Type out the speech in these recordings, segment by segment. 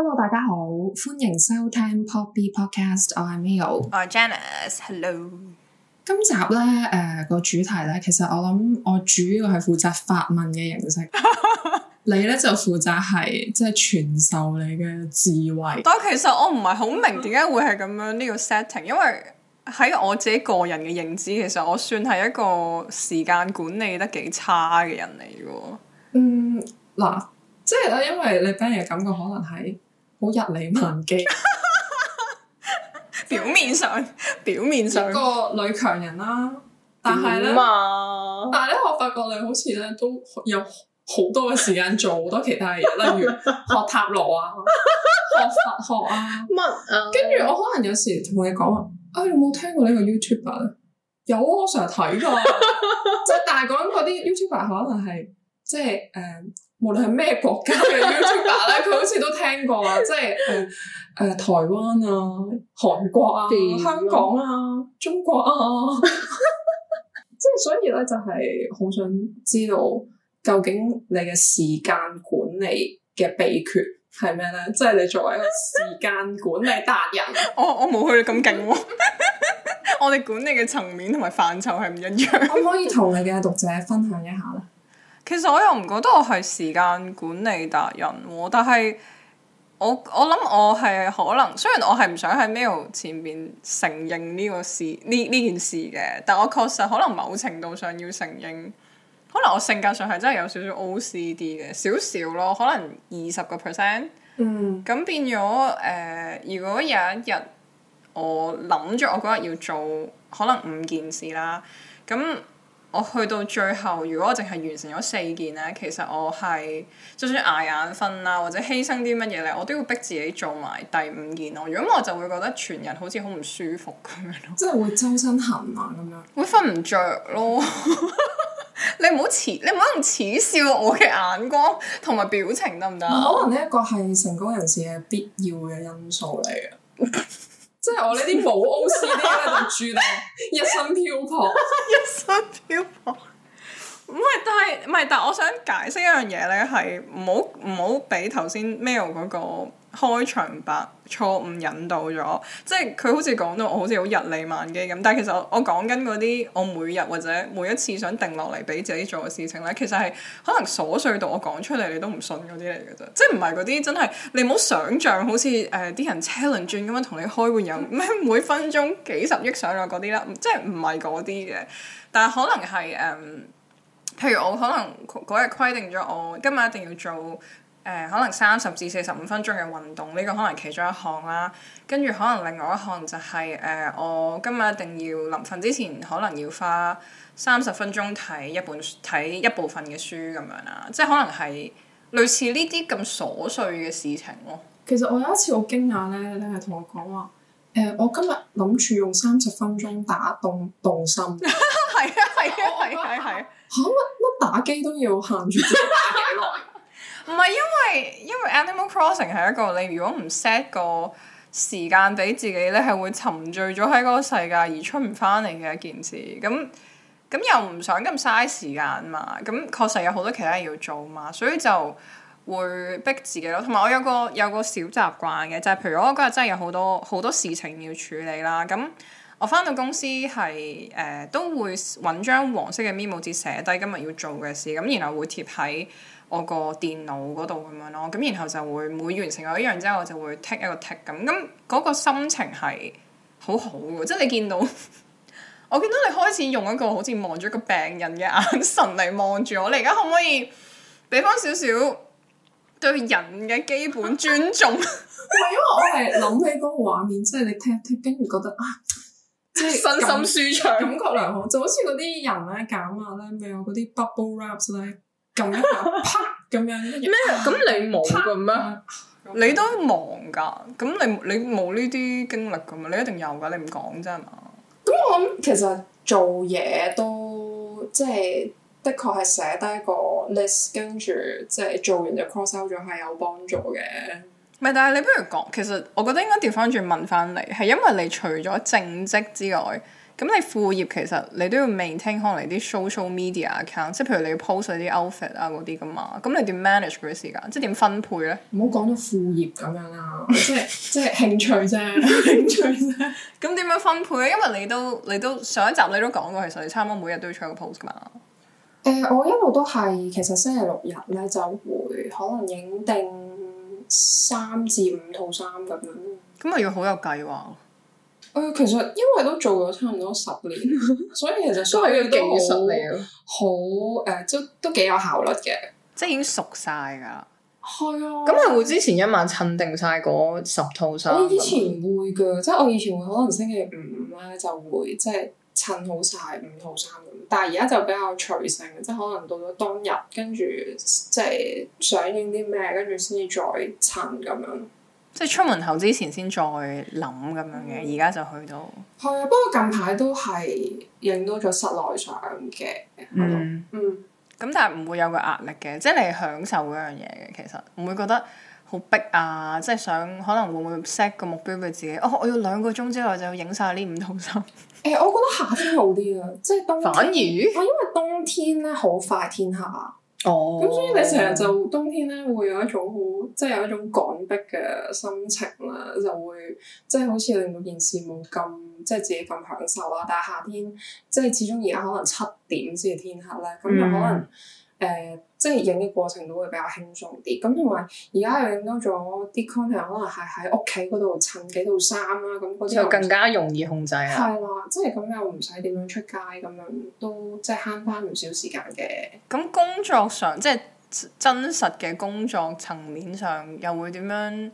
Hello，大家好，歡迎收聽 Poppy Podcast。我係 Mayo，我係 Janice。Hello，今集咧誒、呃那個主題咧，其實我諗我主要係負責發問嘅形式， 你咧就負責係即係傳授你嘅智慧。但係其實我唔係好明點解會係咁樣呢、這個 setting，因為喺我自己個人嘅認知，其實我算係一個時間管理得幾差嘅人嚟嘅。嗯，嗱，即係咧，因為你俾人嘅感覺可能係。好日理萬機 ，表面上表面上個女強人啦、啊，但係咧，啊、但係咧，我發覺你好似咧都有好多嘅時間做好多其他嘢，例如學塔羅啊， 學佛學啊，乜啊，跟住我可能有時同你講話，啊、 哎，有冇聽過呢個 YouTuber 咧？有啊，我成日睇噶，即係 但係講嗰啲 YouTuber 可能係即係誒。就是呃無論係咩國家嘅 YouTuber 咧，佢 好似都聽過、嗯、呃、啊，即係誒誒台灣啊、韓國啊、啊香港啊、中國啊，即係 所以咧就係好想知道究竟你嘅時間管理嘅秘訣係咩咧？即係 你作為一個時間管理達人， 我我冇去到咁勁，我哋 管理嘅層面同埋範疇係唔一樣。可 唔可以同你嘅讀者分享一下咧？其實我又唔覺得我係時間管理達人喎，但係我我諗我係可能雖然我係唔想喺 Milo 前面承認呢個事呢呢件事嘅，但我確實可能某程度上要承認，可能我性格上係真係有少少 OCD 嘅少少咯，可能二十個 percent，咁變咗誒、呃，如果有一日我諗住我覺得要做可能五件事啦，咁。我去到最後，如果我淨係完成咗四件咧，其實我係就算捱眼瞓啊，或者犧牲啲乜嘢咧，我都要逼自己做埋第五件咯。如果我就會覺得全日好似好唔舒服咁樣，即係會周身痕啊咁樣，會瞓唔着咯。你唔好恥，你唔可能恥笑我嘅眼光同埋表情得唔得？可能呢一個係成功人士嘅必要嘅因素嚟嘅。即係我呢啲冇 O C 啲，就注定一生漂泊，一生漂泊。唔係，但係唔係，但係我想解釋一樣嘢咧，係唔好唔好俾頭先 mail 嗰、嗰個。開場白錯誤引導咗，即係佢好似講到我好似好日理萬機咁，但係其實我我講緊嗰啲我每日或者每一次想定落嚟俾自己做嘅事情咧，其實係可能瑣碎到我講出嚟你都唔信嗰啲嚟嘅咋，即係唔係嗰啲真係你唔好想象，好似誒啲人車輪轉咁樣同你開會有咩每分鐘幾十億上落嗰啲啦，即係唔係嗰啲嘅，但係可能係誒、呃，譬如我可能嗰日規定咗我今日一定要做。誒、呃、可能三十至四十五分鐘嘅運動呢、呢個可能其中一項啦，跟住可能另外一項就係、係、誒、呃、我今日一定要臨瞓之前可能要花三十分鐘睇一本睇一部分嘅書咁樣啦，即係可能係類似呢啲咁瑣碎嘅事情咯、哦。其實我有一次好驚訝咧，你係同我講話誒，我今日諗住用三十分鐘打動動心，係 啊係啊係係係嚇乜打機都要限住打幾耐？ 唔係因為因為 Animal Crossing 係一個你如果唔 set 個時間俾自己咧，係會沉醉咗喺嗰個世界而出唔翻嚟嘅一件事。咁咁又唔想咁嘥時間嘛？咁確實有好多其他嘢要做嘛，所以就會逼自己咯。同埋我有個有個小習慣嘅，就係、是、譬如我嗰日真係有好多好多事情要處理啦。咁我翻到公司係誒、呃、都會揾張黃色嘅 Memo 紙寫低今日要做嘅事，咁然後會貼喺。我個電腦嗰度咁樣咯，咁然後就會每完成咗一樣之後，我就會 tick 一個 tick 咁，咁嗰個心情係好好嘅，即係你見到我見到你開始用一個好似望住一個病人嘅眼神嚟望住我，你而家可唔可以俾翻少少對人嘅基本尊重？因為我係諗起嗰個畫面，即、就、係、是、你 t 一 c 跟住覺得啊，即係身心舒暢，感覺良好， 就好似嗰啲人咧減壓咧，例有嗰啲 bubble r a p 咧。咁樣啪咁樣咩？咁你冇咁咩？你都忙㗎，咁你你冇呢啲經歷㗎嘛？你一定有㗎，你唔講啫係嘛？咁我諗其實做嘢都即係的確係寫低個 list，跟住即係做完就 cross out 咗，係有幫助嘅。唔但係你不如講，其實我覺得應該調翻轉問翻你，係因為你除咗正職之外。咁你副業其實你都要 maintain 可能啲 social media account，即係譬如你要 post 嗰啲 outfit 啊嗰啲噶嘛，咁你點 manage 佢啲時間，即係點分配咧？唔好講到副業咁樣啦， 即係即係興趣啫，興趣啫。咁點樣分配咧？因為你都你都，你都上一集你都講過，其實你差唔多每日都要出個 post 噶嘛。誒、呃，我一路都係其實星期六日咧就會可能影定三至五套衫咁樣，咁咪要好有計劃。誒，其實因為都做咗差唔多十年，所以其實都係一個技術嚟嘅好，好、呃、誒，都都幾有效率嘅，即係已經熟晒㗎。係啊，咁係會之前一晚襯定晒嗰十套衫。我以前會嘅，即係我以前會可能星期五咧就會即係襯好晒五套衫咁，但係而家就比較隨性，即係可能到咗當日跟住即係想影啲咩，跟住先至再襯咁樣。即係出門口之前先再諗咁樣嘅，而家就去到。係啊，不過近排都係影到咗室內相嘅。嗯。嗯。咁但係唔會有個壓力嘅，即係你係享受嗰樣嘢嘅，其實唔會覺得好逼啊！即係想可能會唔會 set 個目標俾自己，哦，我要兩個鐘之內就影晒呢五套衫。誒、欸，我覺得夏天好啲啊， 即係冬。反而？我、哦、因為冬天咧好快天黑。咁、oh. 所以你成日就冬天咧，會有一種好即係有一種趕逼嘅心情啦，就會即係、就是、好似令到件事冇咁即係自己咁享受啦。但係夏天即係、就是、始終而家可能七點先至天黑啦，咁又可能。Mm. 誒、呃，即係影嘅過程都會比較輕鬆啲，咁同埋而家又影多咗啲 content，可能係喺屋企嗰度襯幾套衫啦，咁嗰啲就更加容易控制啦。係啦，即係咁又唔使點樣出街咁樣都，都即係慳翻唔少時間嘅。咁工作上，即係真實嘅工作層面上，又會點樣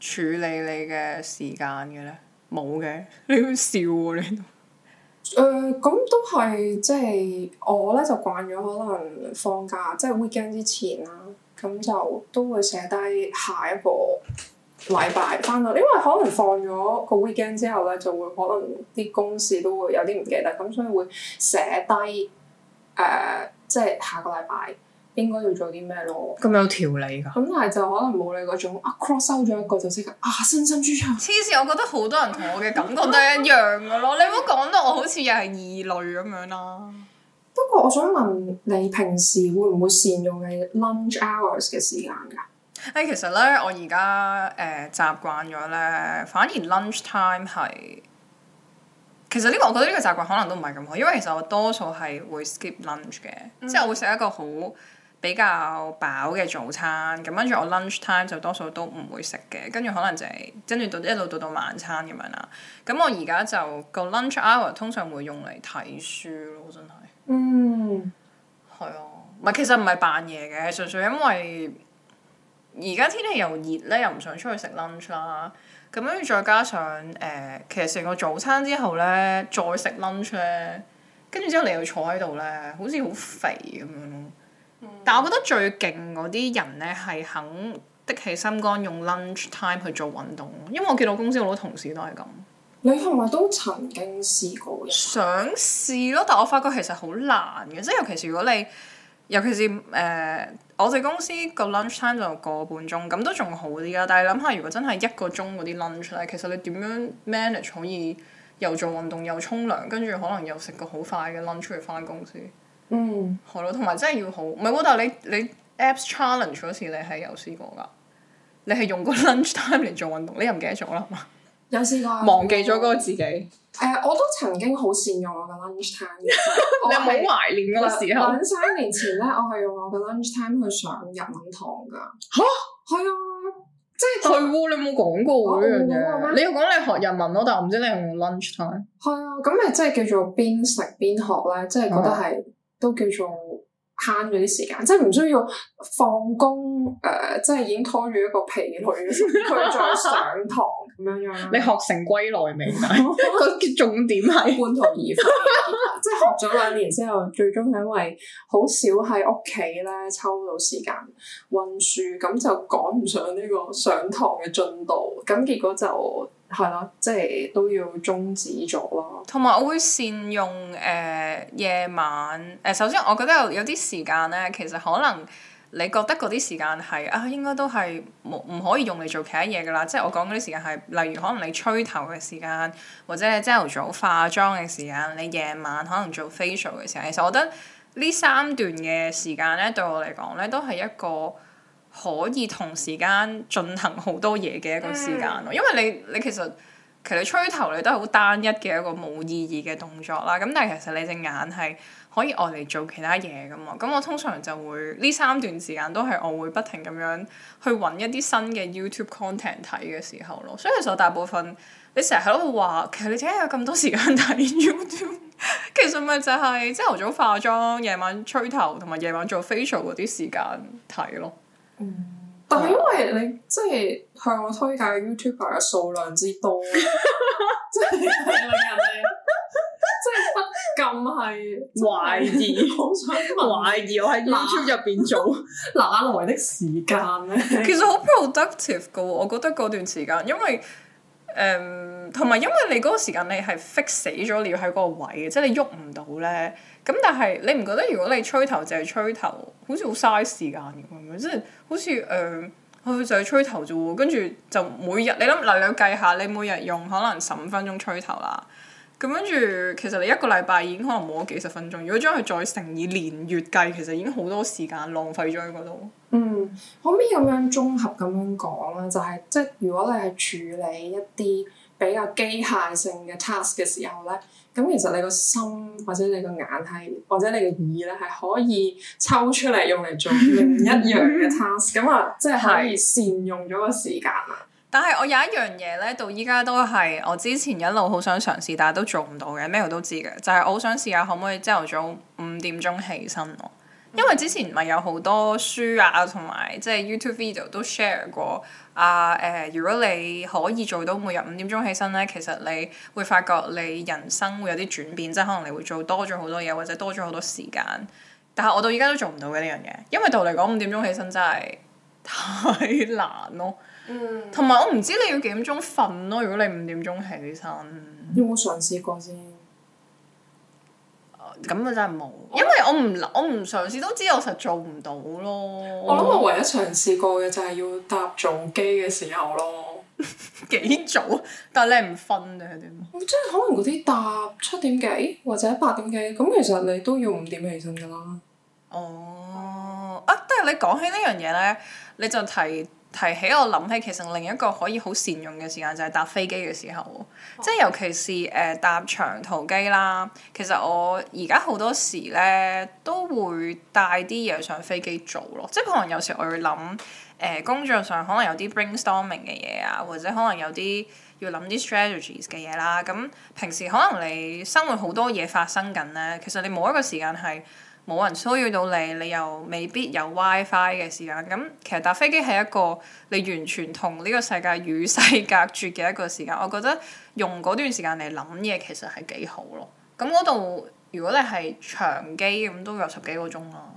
處理你嘅時間嘅咧？冇嘅， 你好笑喎、哦、咧？你誒，咁、呃、都係，即係我咧就慣咗可能放假，即係 weekend 之前啦，咁就都會寫低下，下一個禮拜翻到，因為可能放咗個 weekend 之後咧，就會可能啲公事都會有啲唔記得，咁所以會寫低誒、呃，即係下個禮拜。應該要做啲咩咯？咁有條理㗎？咁但係就可能冇你嗰種啊，cross 收咗一個就即刻啊，身心舒暢。黐線！我覺得好多人同我嘅感覺都係一樣㗎咯。 你唔好講到我好似又係異類咁樣啦、啊。不過我想問你平時會唔會善用你 lunch hours 嘅時間㗎？誒、呃，其實咧，我而家誒習慣咗咧，反而 lunch time 係其實呢個，我覺得呢個習慣可能都唔係咁好，因為其實我多數係會 skip lunch 嘅，嗯、即係我會食一個好比較飽嘅早餐，咁跟住我 lunch time 就多數都唔會食嘅，跟住可能就係跟住到一路到到晚餐咁樣啦。咁我而家就個 lunch hour 通常會用嚟睇書咯，真係。嗯。係啊，唔係其實唔係扮嘢嘅，係純粹因為而家天氣又熱咧，又唔想出去食 lunch 啦。咁跟住再加上誒、呃，其實成個早餐之後咧，再食 lunch 咧，跟住之後你又坐喺度咧，好似好肥咁樣咯。但我覺得最勁嗰啲人咧，係肯的起心肝用 lunch time 去做運動，因為我見到公司好多同事都係咁。你係咪都曾經試過？想試咯，但我發覺其實好難嘅，即係尤其是如果你，尤其是誒、呃，我哋公司個 lunch time 就個半鐘，咁都仲好啲啦。但係諗下，如果真係一個鐘嗰啲 lunch 咧，其實你點樣 manage 可以又做運動又沖涼，跟住可能又食個好快嘅 lunch 去翻公司？嗯，好咯，同埋真係要好，唔係喎。但係你你，你 Apps Challenge 嗰時你係有試過㗎，你係用個 lunch time 嚟做運動，你又唔記得咗啦嘛？有試過。忘記咗嗰個自己。誒、呃，我都曾經好善用我嘅 lunch time。 是你有冇懷念嗰個時候？兩三年前咧，我係用我嘅 lunch time 去上日文堂㗎。吓 、哦？係啊，即係係喎，哦、你冇講過喎呢樣嘢。有你講你學日文咯，但係我唔知你用唔用 lunch time。係啊，咁咪即係叫做邊食邊學咧， 嗯、 即係覺得係。都叫做慳咗啲時間，即係唔需要放工，誒、呃，即係已經拖住一個疲累，佢再上堂咁 樣樣。你學成歸來未啊？ 個重點係 半途而廢， 即係學咗兩年之後， 最終係因為好少喺屋企咧抽到時間溫書，咁就趕唔上呢個上堂嘅進度，咁結果就。係咯，即係都要終止咗咯。同埋我會善用誒、呃、夜晚誒、呃，首先我覺得有有啲時間咧，其實可能你覺得嗰啲時間係啊，應該都係冇唔可以用嚟做其他嘢噶啦即、就、係、是、我講嗰啲時間係，例如可能你吹頭嘅時間，或者你朝頭早化妝嘅時間，你夜晚可能做 facial 嘅時間。其實我覺得呢三段嘅時間咧，對我嚟講咧，都係一個。可以同時間進行好多嘢嘅一個時間咯，因為你你其實其實你吹頭你都係好單一嘅一個冇意義嘅動作啦，咁但係其實你隻眼係可以愛嚟做其他嘢㗎嘛。咁我通常就會呢三段時間都係我會不停咁樣去揾一啲新嘅 YouTube content 睇嘅時候咯。所以其實我大部分，你成日喺度話其實你點解有咁多時間睇 YouTube？ 其實咪就係朝頭早化妝、夜晚吹頭同埋夜晚做 facial 嗰啲時間睇咯。嗯，但係因為你、嗯、即係向我推介 YouTuber 嘅數量之多， 即係係咪咧？ 即係不禁係懷疑，我 想懷疑我喺 YouTube 入邊做，哪來 的時間咧？ 其實好 productive 嘅，我覺得嗰段時間，因為誒，同埋因為你嗰個時間你係 fix 死咗，你要喺嗰個位嘅，即係你喐唔到咧。咁但係你唔覺得如果你吹頭就係吹頭，好似好嘥時間即係好似誒，佢就係吹頭啫喎，跟住就每日你諗嗱，你計下你每日用可能十五分鐘吹頭啦，咁跟住其實你一個禮拜已經可能冇咗幾十分鐘。如果將佢再乘以年月計，其實已經好多時間浪費咗喺嗰度。嗯，可唔可以咁樣綜合咁樣講咧？就係、是、即係如果你係處理一啲。比較機械性嘅 task 嘅時候咧，咁其實你個心或者你個眼係，或者你個耳咧係可以抽出嚟用嚟做另一樣嘅 task，咁啊、嗯，即、嗯、係善用咗個時間啊！是但係我有一樣嘢咧，到依家都係我之前一路好想嘗試，但係都做唔到嘅咩我都知嘅，就係、是、我好想試下可唔可以朝頭早五點鐘起身咯。因為之前唔係有好多書啊，同埋即係 YouTube video 都 share 過啊誒、呃，如果你可以做到每日五點鐘起身咧，其實你會發覺你人生會有啲轉變，即係可能你會做多咗好多嘢，或者多咗好多時間。但係我到依家都做唔到嘅呢樣嘢，因為道理嚟講五點鐘起身真係太難咯。同埋、嗯、我唔知你要幾點鐘瞓咯。如果你五點鐘起身，有冇嘗試過先？咁啊真係冇，因為我唔我唔嘗試都知我實做唔到咯。我諗我唯一嘗試過嘅就係要搭早機嘅時候咯，幾 早？但係你唔瞓定係點？即係可能嗰啲搭七點幾或者八點幾，咁其實你都要五點起身㗎啦。哦，oh, 啊！但係你講起呢樣嘢咧，你就提。提起我諗起，其實另一個可以好善用嘅時間就係搭飛機嘅時候，oh. 即係尤其是誒、呃、搭長途機啦。其實我而家好多時咧都會帶啲嘢上飛機做咯，即係可能有時我要諗誒、呃、工作上可能有啲 brainstorming 嘅嘢啊，或者可能有啲要諗啲 strategies 嘅嘢啦。咁平時可能你生活好多嘢發生緊咧，其實你冇一個時間係。冇人騷擾到你，你又未必有 WiFi 嘅時間。咁其實搭飛機係一個你完全同呢個世界與世隔絕嘅一個時間。我覺得用嗰段時間嚟諗嘢其實係幾好咯。咁嗰度如果你係長機咁都有十幾個鐘咯。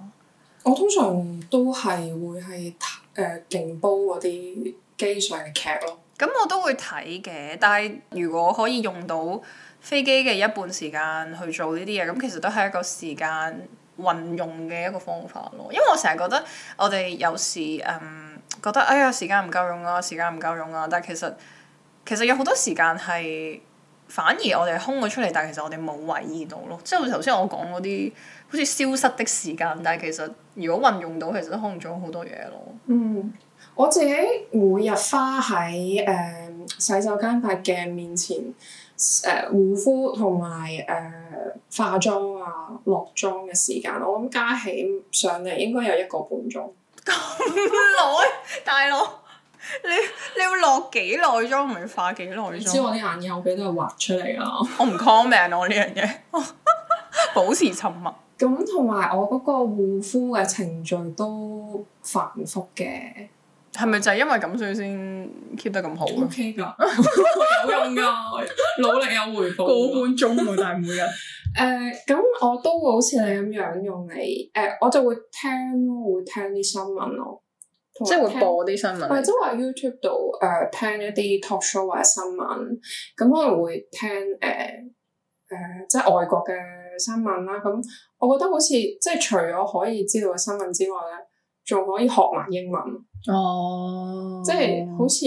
我通常都係會係誒勁煲嗰啲機上嘅劇咯。咁我都會睇嘅，但係如果可以用到飛機嘅一半時間去做呢啲嘢，咁其實都係一個時間運用嘅一個方法咯，因為我成日覺得我哋有時誒、嗯、覺得哎呀時間唔夠用啊，時間唔夠用啊，但其實其實有好多時間係反而我哋空咗出嚟，但其實我哋冇為意到咯，即係頭先我講嗰啲好似消失的時間，但其實如果運用到，其實都空咗好多嘢咯。嗯，我自己每日花喺誒、嗯、洗手間塊鏡面前。誒、呃、護膚同埋誒化妝啊，落妝嘅時間，我諗加起上嚟應該有一個半鐘。咁耐，大佬，你你要落幾耐妝，唔係化幾耐妝？知我啲眼影口紅都係畫出嚟啊。 我唔 comment 我呢樣嘢， 保持沉默。咁同埋我嗰個護膚嘅程序都繁複嘅。係咪就係因為咁所以先 keep 得咁好？OK 㗎的， 有用㗎， 努力有回報，個半鐘但係每日。誒，咁我都會好似你咁樣用你，誒、uh,，我就會聽咯，會聽啲新聞咯，即係會播啲新聞，新聞或者喺 YouTube 度誒、uh, 聽一啲 talk show 或者新聞。咁可能會聽誒誒，uh, uh, 即係外國嘅新聞啦。咁我覺得好似即係除咗可以知道嘅新聞之外咧，仲可以學埋英文，哦、oh.，即係好似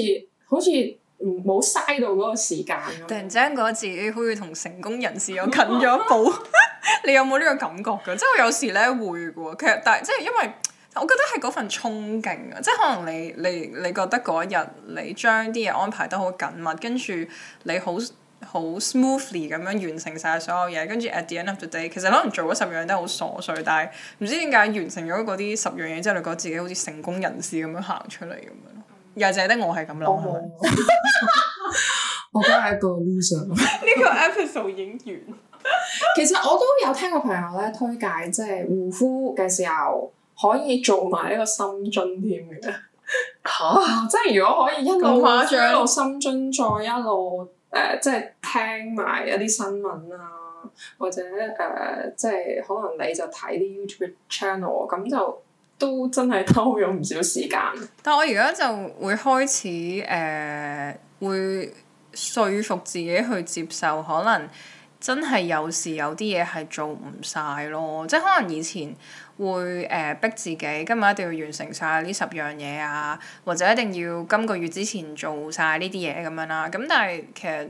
好似唔冇嘥到嗰個時間，突然之間覺得自己好似同成功人士又近咗一步， 你有冇呢個感覺噶？即係我有時咧會嘅，其實但係即係因為我覺得係嗰份憧憬啊，即係可能你你你覺得嗰一日你將啲嘢安排得好緊密，跟住你好，好 smoothly 咁樣完成晒所有嘢，跟住 at the end of the day，其實可能做咗十樣都係好瑣碎，但係唔知點解完成咗嗰啲十樣嘢之後，你覺得自己好似成功人士咁樣行出嚟咁樣，又淨係得我係咁諗，我我我係個 loser 呢個 episode 影完，其實我都有聽過朋友咧推介，即係護膚嘅時候可以做埋一個深津添嘅，吓、 啊，即係如果可以一路一路深津， 一路深津再一路。誒、呃，即係聽埋一啲新聞啊，或者誒、呃，即係可能你就睇啲 YouTube channel，咁就都真係偷用唔少時間。但係我而家就會開始誒、呃，會說服自己去接受可能。真係有時有啲嘢係做唔晒咯，即係可能以前會誒、呃、逼自己，今日一定要完成晒呢十樣嘢啊，或者一定要今個月之前做晒呢啲嘢咁樣啦、啊。咁但係其實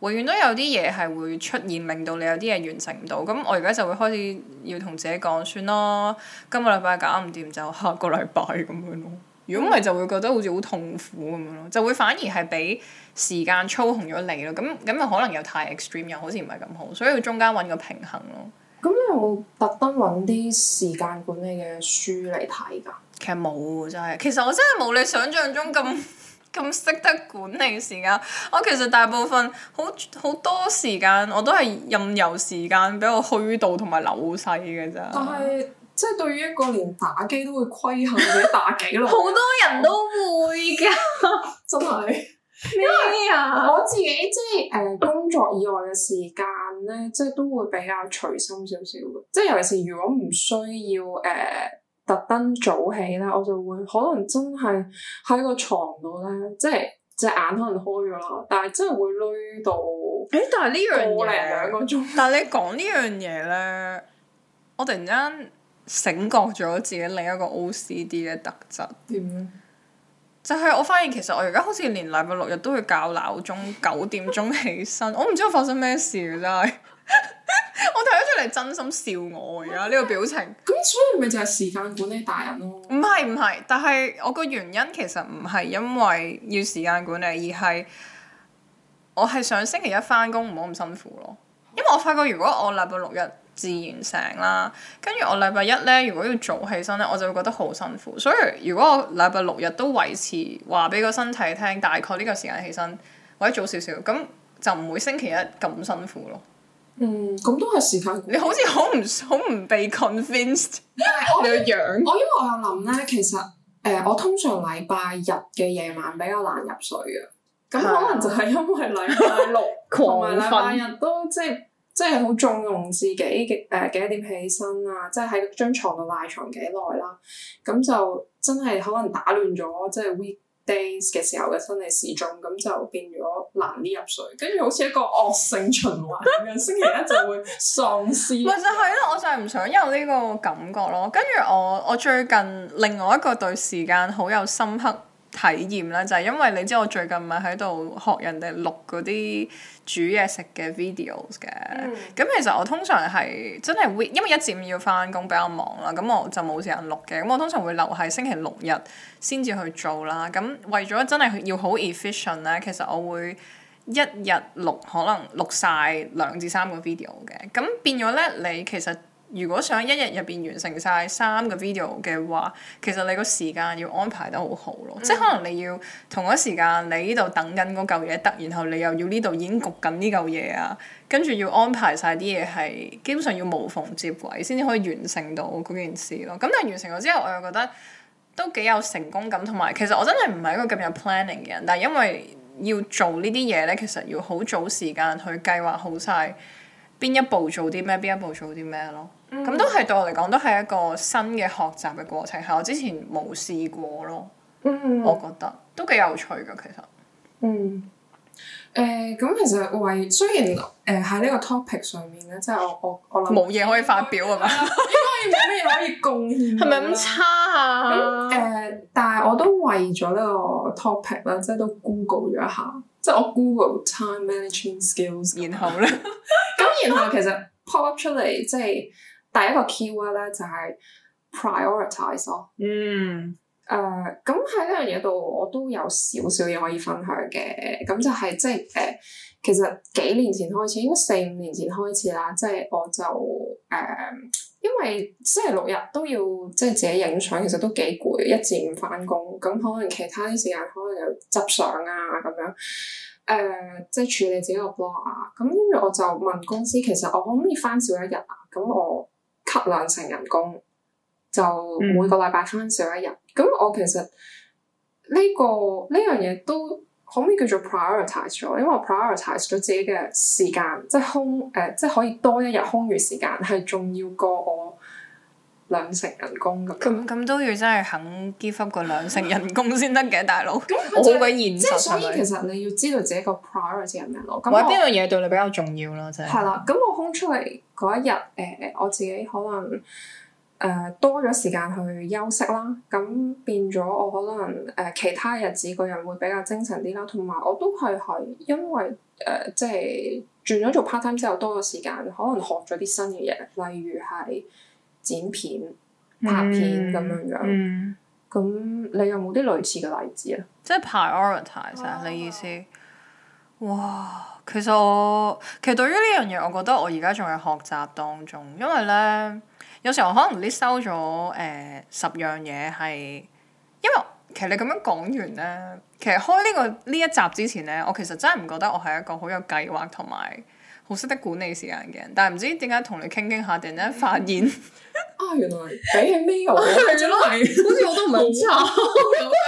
永遠都有啲嘢係會出現，令到你有啲嘢完成唔到。咁我而家就會開始要同自己講，算咯，今個禮拜搞唔掂就下個禮拜咁樣咯。如果唔係就會覺得好似好痛苦咁樣咯，就會反而係俾時間操控咗你咯。咁咁又可能又太 extreme，又好似唔係咁好，所以要中間揾個平衡咯。咁你有冇特登揾啲時間管理嘅書嚟睇㗎？其實冇喎，真係。其實我真係冇你想象中咁咁識得管理時間。我其實大部分好好多時間我都係任由時間俾 我虛度同埋流逝㗎咋。但係。即係對於一個連打機都會規限嘅打幾耐？好 多人都會㗎， 真係咩啊？我自己即係誒工作以外嘅時間咧，即係都會比較隨心少少嘅。即係尤其是如果唔需要誒、呃、特登早起咧，我就會可能真係喺個床度咧，即係隻眼可能開咗啦，但係真係會累到。誒、欸，但係呢樣嘢，但係你講呢樣嘢咧，我突然間。醒覺咗自己另一個 OCD 嘅特質。點咧？就係我發現，其實我而家好似連禮拜六日都會校鬧鐘九點鐘起身，我唔知道我發生咩事真係。我睇得出嚟，真心笑我而家呢個表情。咁所以咪就係時間管理大人咯。唔係唔係，但係我個原因其實唔係因為要時間管理，而係我係想星期一翻工，唔好咁辛苦咯。因為我發覺如果我禮拜六日。自然醒啦，跟住我禮拜一咧，如果要早起身咧，我就會覺得好辛苦。所以如果我禮拜六日都維持話俾個身體聽，大概呢個時間起身或者早少少，咁就唔會星期一咁辛苦咯。嗯，咁都係時間。你好似好唔好唔被 convinced、啊、 你個樣？我因為我有諗咧，其實誒、呃，我通常禮拜日嘅夜晚比較難入睡嘅，咁可能就係因為禮拜六同埋禮拜日都即係。即係好縱容自己嘅誒、呃、幾多點起身啊，即係喺張床度賴床幾耐啦，咁、啊、就真係可能打亂咗即係 weekdays 嘅時候嘅生理時鐘，咁就變咗難啲入睡，跟住好似一個惡性循環咁樣，星期一就會喪屍。咪就係咯，我就係唔想有呢個感覺咯。跟住我我最近另外一個對時間好有深刻。體驗啦，就係、是、因為你知我最近咪喺度學人哋錄嗰啲煮嘢食嘅 videos 嘅，咁、嗯、其實我通常係真係會，因為一至五要返工比較忙啦，咁我就冇時間錄嘅，咁我通常會留喺星期六日先至去做啦。咁為咗真係要好 efficient 咧，其實我會一日錄可能錄晒兩至三個 video 嘅，咁變咗咧你其實。如果想一日入邊完成晒三個 video 嘅話，其實你個時間要安排得好好咯。嗯、即係可能你要同一時間，你呢度等緊嗰嚿嘢得，然後你又要呢度已經焗緊呢嚿嘢啊，跟住要安排晒啲嘢係基本上要無縫接軌先至可以完成到嗰件事咯。咁但係完成咗之後，我又覺得都幾有成功感，同埋其實我真係唔係一個咁有 planning 嘅人，但係因為要做呢啲嘢咧，其實要好早時間去計劃好晒邊一步做啲咩，邊一步做啲咩咯。咁都係對我嚟講，都係一個新嘅學習嘅過程，係我之前冇試過咯。我覺得都幾有趣㗎，其實。嗯。誒，咁其實為雖然誒喺呢個 topic 上面咧，即係我我我諗冇嘢可以發表係咪？應該冇咩嘢可以貢獻？係咪咁差啊？誒，但係我都為咗呢個 topic 咧，即係都 Google 咗一下，即係我 Google time management skills，然後咧，咁然後其實 pop up 出嚟即係。第一個 key word 咧就係 prioritize 咯。嗯，誒，咁喺呢樣嘢度，我都有少少嘢可以分享嘅。咁就係、是、即係誒、呃，其實幾年前開始，應該四五年前開始啦。即係我就誒、呃，因為星期六日都要即係自己影相，其實都幾攰。一至五返工，咁可能其他啲時間可能又執相啊咁樣。誒、呃，即係處理自己個 blog 啊。咁跟住我就問公司，其實我可唔可以返少一日啊？咁我。克兩成人工，就每個禮拜翻少一日。咁、嗯、我其實呢、呢個呢樣嘢都可唔可以叫做 prioritize 咗？因為我 prioritize 咗自己嘅時間，即係空誒，即係可以多一日空餘時間，係重要過我兩成人工咁。咁咁都要真係肯 give up 個兩成人工先得嘅，大佬。咁好鬼現實。即係所以，其實你要知道自己 priority 我我個 priority 係咩咯？咁邊樣嘢對你比較重要真 啦？真係。係啦，咁我。出嚟嗰一日，誒、呃、我自己可能誒、呃、多咗時間去休息啦，咁變咗我可能誒、呃、其他日子個人會比較精神啲啦。同埋我都係係因為誒、呃、即係轉咗做 part time 之後多咗時間，可能學咗啲新嘅嘢，例如係剪片、拍片咁、嗯、樣樣。咁你有冇啲類似嘅例子啊？即係 prioritize 你意思？啊、哇！其實我其實對於呢樣嘢，我覺得我而家仲係學習當中，因為咧有時候可能你收咗誒、呃、十樣嘢係，因為其實你咁樣講完咧，其實開呢、呢個呢一集之前咧，我其實真係唔覺得我係一個好有計劃同埋好識得管理時間嘅人，但係唔知點解同你傾傾下，突然間發現啊 原來俾 email，好似我都唔係好差，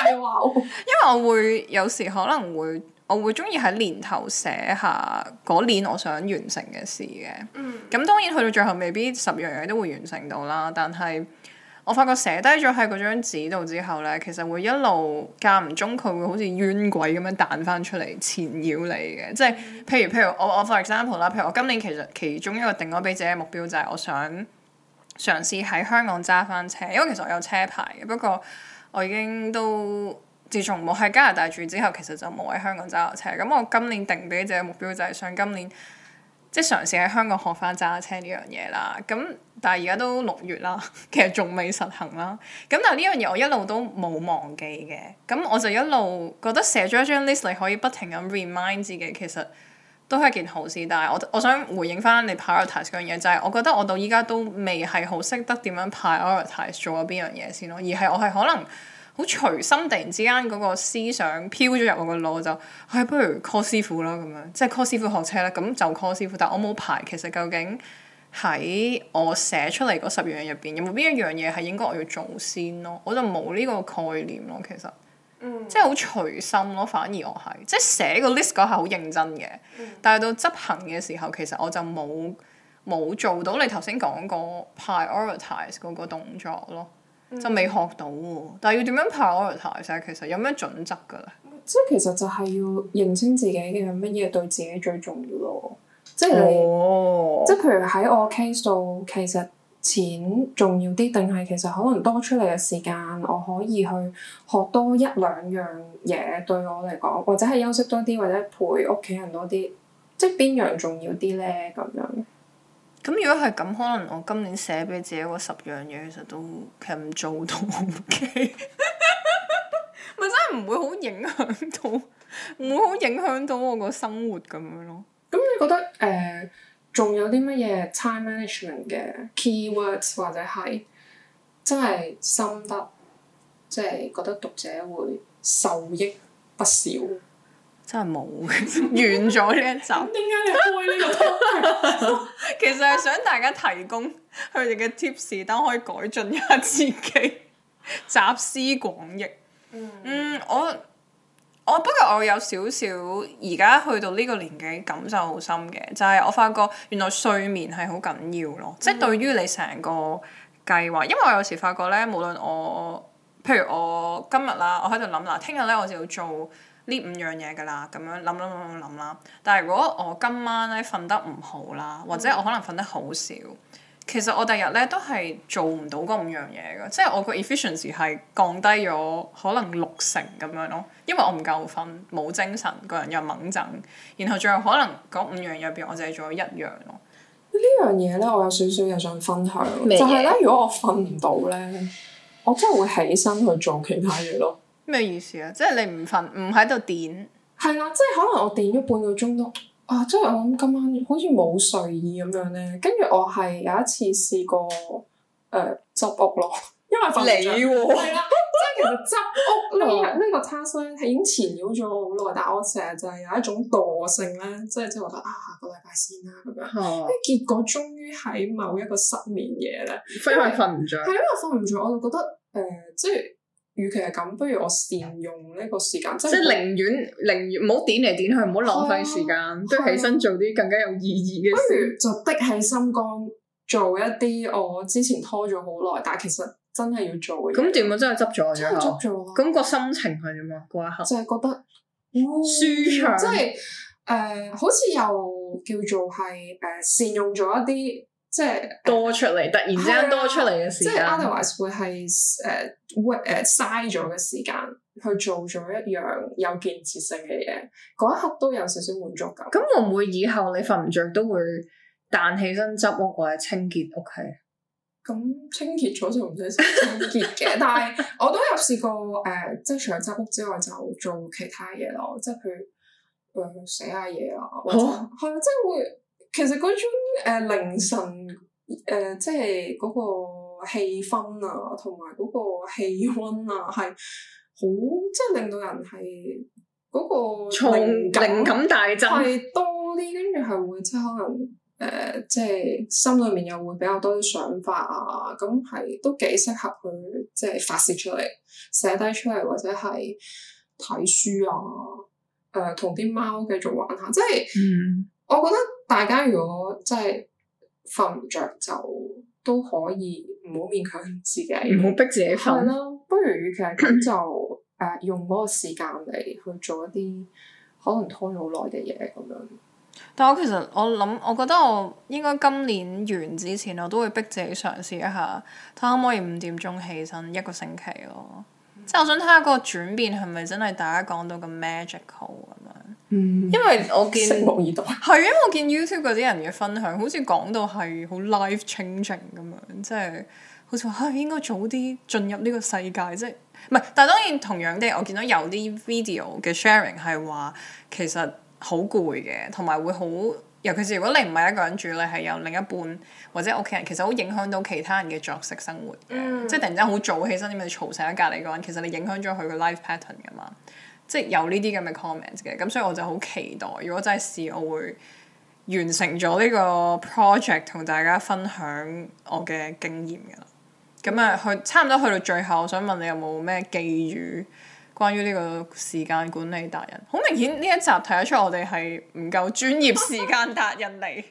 因為我會有時可能會。我會中意喺年頭寫下嗰年我想完成嘅事嘅，咁、嗯、當然去到最後未必十樣嘢都會完成到啦。但係我發覺寫低咗喺嗰張紙度之後咧，其實會一路間唔中佢會好似冤鬼咁樣彈翻出嚟，纏繞你嘅。嗯、即係譬如譬如我我 for example 啦，譬如我今年其實其中一個定咗俾自己嘅目標就係我想嘗試喺香港揸翻車，因為其實我有車牌嘅，不過我已經都。自從冇喺加拿大住之後，其實就冇喺香港揸車。咁我今年定俾自己目標就係想今年即係、就是、嘗試喺香港學翻揸車呢樣嘢啦。咁但係而家都六月啦，其實仲未實行啦。咁但係呢樣嘢我一路都冇忘記嘅。咁我就一路覺得寫咗張 list，你可以不停咁 remind 自己，其實都係件好事。但係我我想回應翻你 prioritize 嗰樣嘢，就係、是、我覺得我到依家都未係好識得點樣 prioritize 做咗邊樣嘢先咯，而係我係可能。好隨心，突然之間嗰個思想飄咗入我個腦，就係、哎、不如 call 師傅啦咁樣，即係 call 師傅學車啦。咁就 call 師傅，但我冇牌。其實究竟喺我寫出嚟嗰十樣入邊，有冇邊一樣嘢係應該我要做先咯？我就冇呢個概念咯，其實，嗯、即係好隨心咯。反而我係即係寫個 list 嗰下好認真嘅，但係到執行嘅時候，其實我就冇冇做到你頭先講過 prioritize 嗰個動作咯。就未學到喎，但係要點樣爬我個台？其實有咩準則嘅咧？即係其實就係要認清自己嘅乜嘢對自己最重要咯。即係、哦，即係，即係譬如喺我 case 度，其實錢重要啲，定係其實可能多出嚟嘅時間，我可以去學多一兩樣嘢，對我嚟講，或者係休息多啲，或者陪屋企人多啲，即係邊樣重要啲咧？咁樣。咁如果係咁，可能我今年寫俾自己嗰十樣嘢，其實都其實唔做到 OK，咪真係唔會好影響到，唔會好影響到我個生活咁樣咯。咁你覺得誒，仲有啲乜嘢 time management 嘅 keywords 或者係真係心得，即係覺得讀者會受益不少。真係冇嘅，完咗呢一集。點解你會呢個？其實係想大家提供佢哋嘅 tips，等可以改進一下自己。集思廣益。嗯，嗯，我我不過我有少少而家去到呢個年紀感受好深嘅，就係、是、我發覺原來睡眠係好緊要咯。即係、嗯、對於你成個計劃，因為我有時發覺咧，無論我譬如我今日啦，我喺度諗嗱，聽日咧我就要做。呢五樣嘢㗎啦，咁樣諗諗諗諗諗啦。但係如果我今晚咧瞓得唔好啦，或者我可能瞓得好少，其實我第日咧都係做唔到嗰五樣嘢嘅，即係我個 efficiency 係降低咗可能六成咁樣咯。因為我唔夠瞓，冇精神，個人又矇陣，然後最後可能嗰五樣入邊，我就係做咗一樣咯。呢樣嘢咧，我有少少嘢想分享，麼就係、是、咧，如果我瞓唔到咧，我真係會起身去做其他嘢咯。 咩意思啊？即係你唔瞓唔喺度點？係啦，即係可能我點咗半個鐘都啊，即係我諗今晚好似冇睡意咁樣咧。跟住我係有一次試過誒、呃、執屋咯，因為瞓唔著。係啦，即係其實執屋呢、哦、個呢個差生係已經纏繞咗好耐，但係我成日就係有一種惰性咧，即係即係覺得啊，下個禮拜先啦咁樣。係。嗯、結果終於喺某一個失眠夜咧，因為瞓唔着。係因為瞓唔着，我就覺得誒、呃，即係。與其係咁，不如我善用呢個時間，即係寧願寧願唔好點嚟點去，唔好浪費時間，啊、都起身做啲更加有意義嘅事。就的起心肝做一啲我之前拖咗好耐，但係其實真係要做嘅。咁點啊？真係執咗，真執咗。咁個心情係點啊？嗰一刻就係覺得、哦、舒暢，嗯、即係誒、呃，好似又叫做係誒、呃，善用咗一啲。即係多出嚟，突然之間多出嚟嘅時間是，即係 otherwise 會係誒會誒嘥咗嘅時間去做咗一樣有建設性嘅嘢，嗰一刻都有少少滿足感。咁會唔會以後你瞓唔着都會彈起身執屋或者清潔屋企？咁清潔咗就唔使清潔嘅， 但係我都有試過誒，uh, 即係除咗執屋之外，就做其他嘢咯，即係譬如誒寫下嘢啊，或者係啊，即係會其實嗰種。 誒、呃、凌晨誒、呃，即係嗰個氣氛啊，同埋嗰個氣温啊，係好即係令到人係嗰個靈感靈感大增，係多啲，跟住係會即係可能誒、呃，即係心裡面又會比較多啲想法啊，咁、嗯、係都幾適合去即係發泄出嚟，寫低出嚟，或者係睇書啊，誒同啲貓繼續玩下，即係、嗯、我覺得。大家如果真係瞓唔着，就都可以唔好勉強自己，唔好逼自己瞓啦。不如其實咁就誒， 用嗰個時間嚟去做一啲可能拖咗好耐嘅嘢咁樣。但我其實我諗，我覺得我應該今年完之前，我都會逼自己嘗試一下，睇下可唔可以五點鐘起身一個星期咯。嗯、即係我想睇下嗰個轉變係咪真係大家講到咁 magical 咁樣。嗯、因為我見，係啊，因為我見 YouTube 嗰啲人嘅分享，好似講到係好 life changing 咁樣，即係好似話嚇應該早啲進入呢個世界，即係唔係？但係當然同樣地，我見到有啲 video 嘅 sharing 係話其實好攰嘅，同埋會好尤其是如果你唔係一個人住，你係有另一半或者屋企人，其實好影響到其他人嘅作息生活、嗯、即係突然間好早起身，點解你嘈醒喺隔離嗰個人？其實你影響咗佢嘅 life pattern 噶嘛。即係有呢啲咁嘅 comments 嘅，咁所以我就好期待，如果真係試，我會完成咗呢個 project，同大家分享我嘅經驗㗎啦。咁啊，去差唔多去到最後，我想問你有冇咩寄語關於呢個時間管理達人？好明顯呢一集睇得出我哋係唔夠專業時間達人嚟。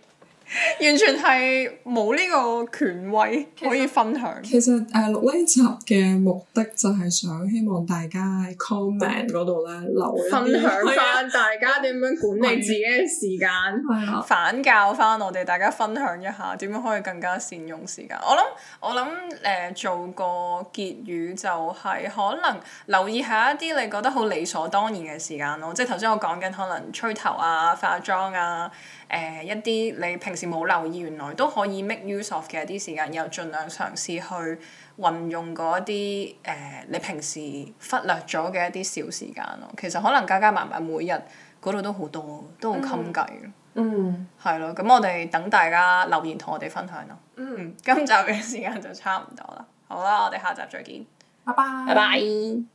完全係冇呢個權威可以分享。其其實誒、呃、六一集嘅目的就係想希望大家喺 comment 嗰度咧留言，分享翻大家點樣管理自己嘅時間， 反教翻我哋大家分享一下點樣可以更加善用時間。我諗我諗誒、呃、做個結語就係可能留意下一啲你覺得好理所當然嘅時間咯，即係頭先我講緊可能吹頭啊、化妝啊。誒、呃、一啲你平時冇留意，原來都可以 make use of 嘅一啲時間，又盡量嘗試去運用嗰一啲誒你平時忽略咗嘅一啲小時間咯。其實可能加加埋埋每日嗰度都好多，都好襟計嘅。嗯，係、嗯、咯。咁我哋等大家留言同我哋分享咯。嗯，今集嘅時間就差唔多啦。好啦，我哋下集再見。拜拜，拜拜。